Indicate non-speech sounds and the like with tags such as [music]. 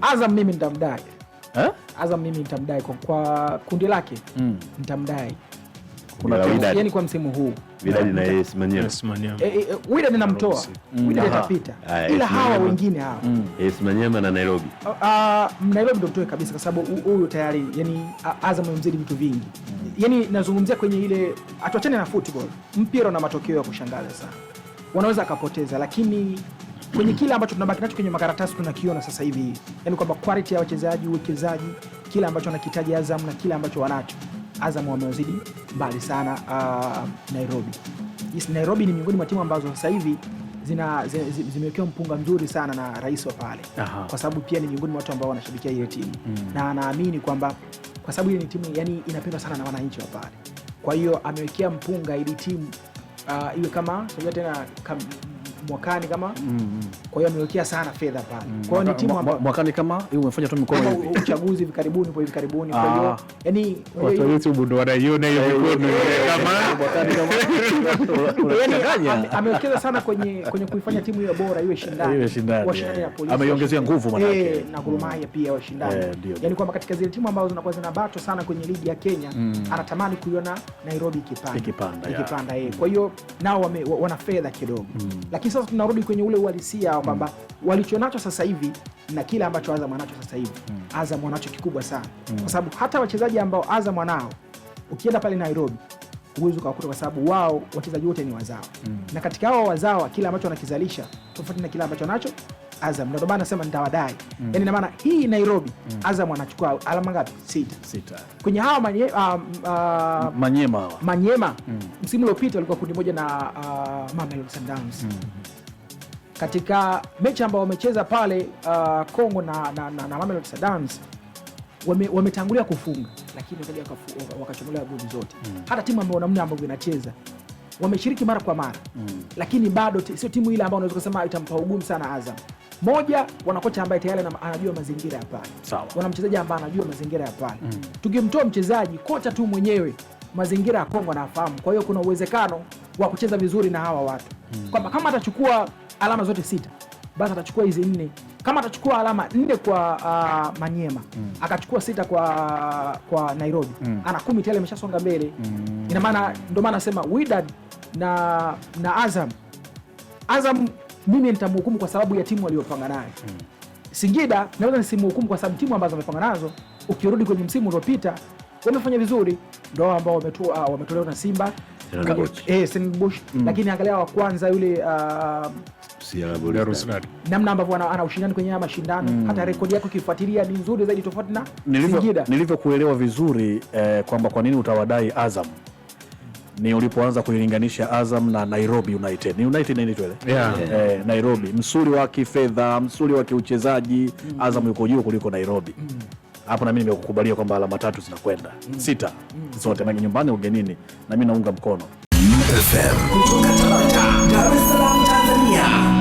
Azam mimi nitamdai eh? Azam mimi nitamdai kwa, kwa kundi lake mm. nitamdai yani kwa msimu huu Wydad namtoa Wydad atapita, ah, ila hawa wengine hawa hmm. Esmanyama na Nairobi Ah, uh, ah, Nairobi ndio mtoe kabisa, kwa sababu huyu tayari yani Azam amemzidi vitu vingi mm. yani nazungumzia kwenye ile, atuachane na football, mpira na matokeo ya kushangaza sana, wanaweza akapoteza lakini kwenye kile ambacho tunabaki nacho kwenye makaratasi tunakiona sasa hivi, yani kwamba quality ya wachezaji, uwekezaji, kile ambacho anakitaji Azam na kile ambacho wanacho Azam wamewazidi mbali sana uh, Nairobi. Yes, Nairobi ni miongoni mwa timu ambazo sasa hivi zina zimewekewa mpunga mzuri sana na rais wa pale, kwa sababu pia ni miongoni mwa watu ambao wanashabikia ile timu mm. na anaamini kwamba kwa sababu ile ni timu yani inapendwa sana na wananchi wa pale, kwa hiyo amewekea mpunga ili timu uh, iwe kama tena kam, mwakani kama mm. Kwa hiyo amewekea sana fedha pale mm. Kwa hiyo ni timu mwakani kama hiyo umefanya tu mikono hivi, uchaguzi hivi karibuni, kwa hivi karibuni. Kwa hiyo ah. yani watu wa YouTube ndio wanaiona hiyo mikono ile kama mwakani kama [laughs] yaani, amewekeza sana kwenye kwenye kuifanya timu hiyo bora iwe shindani, iwe shindani, ya polisi ameiongezea nguvu manake, na Gor Mahia mm. pia washindani, yani kwamba katika zile timu ambazo zinakuwa zinabato sana kwenye ligi ya Kenya mm. anatamani kuiona Nairobi ikipanda ikipanda, yeye. Kwa hiyo nao wana fedha kidogo mm. lakini lakini sasa tunarudi kwenye ule uhalisia kwamba mm. walichonacho sasa hivi na kile ambacho Azam anacho sasa hivi mm. Azam wanacho kikubwa sana mm. kwa sababu hata wachezaji ambao Azam wanao ukienda pale Nairobi huwezi ukawakuta, kwa sababu wao wachezaji wote ni wazawa mm. na katika hao wazawa kile ambacho wanakizalisha tofauti na kile ambacho anacho Azam ndio maana nasema nitawadai mm. Yani maana hii Nairobi mm. Azam anachukua alama ngapi? Sita, sita. Kwenye hawa manye, um, uh, uh, Manyema hawa. Manyema mm. msimu uliopita walikuwa kundi moja na uh, Mamelodi Sundowns mm. katika mechi ambayo wamecheza pale uh, Kongo na, na, na, na Mamelodi Sundowns wametangulia wame kufunga, lakini wakaja wakachomolewa goli zote mm. hata timu ambayo namna ambavyo inacheza wameshiriki mara kwa mara mm. lakini bado sio timu ile ambayo unaweza kusema itampa ugumu sana Azam. Moja, wana kocha ambaye tayari anajua mazingira ya pale, wana mchezaji ambaye anajua mazingira ya pale mm. Tukimtoa mchezaji, kocha tu mwenyewe mazingira ya Kongo anafahamu, kwa hiyo kuna uwezekano wa kucheza vizuri na hawa watu mm. kwamba kama atachukua alama zote sita basi atachukua hizi nne kama atachukua alama nne kwa uh, Manyema mm. akachukua sita kwa kwa Nairobi mm. ana kumi tayari ameshasonga mbele mm. ina maana, ndio maana nasema Wydad na na Azam Azam mimi nitamhukumu kwa sababu ya timu waliyopanga nayo. Hmm. Singida naweza nisimhukumu kwa sababu timu ambazo amepanga nazo, ukirudi kwenye msimu uliopita wamefanya vizuri, ndo ambao ah, wametolewa na Simba eh, mm. Lakini angalia wa kwanza yule uh, namna ambavyo ana, ana ushindani kwenye haya mashindano mm. Hata rekodi yake ukifuatilia ni nzuri zaidi tofauti na Singida. Nilivyokuelewa vizuri eh, kwamba kwa nini utawadai Azam ni ulipoanza kuilinganisha Azam na Nairobi United. Ni United nini tuele? Yeah. Yeah. Eh, Nairobi msuri wa kifedha, msuri wa kiuchezaji mm. Azam yuko juu kuliko Nairobi mm. Hapo na mimi nimekukubalia kwamba alama tatu zinakwenda mm. sita mm. zote magi nyumbani ugenini, na mimi naunga mkono FM kutoka Tanzania.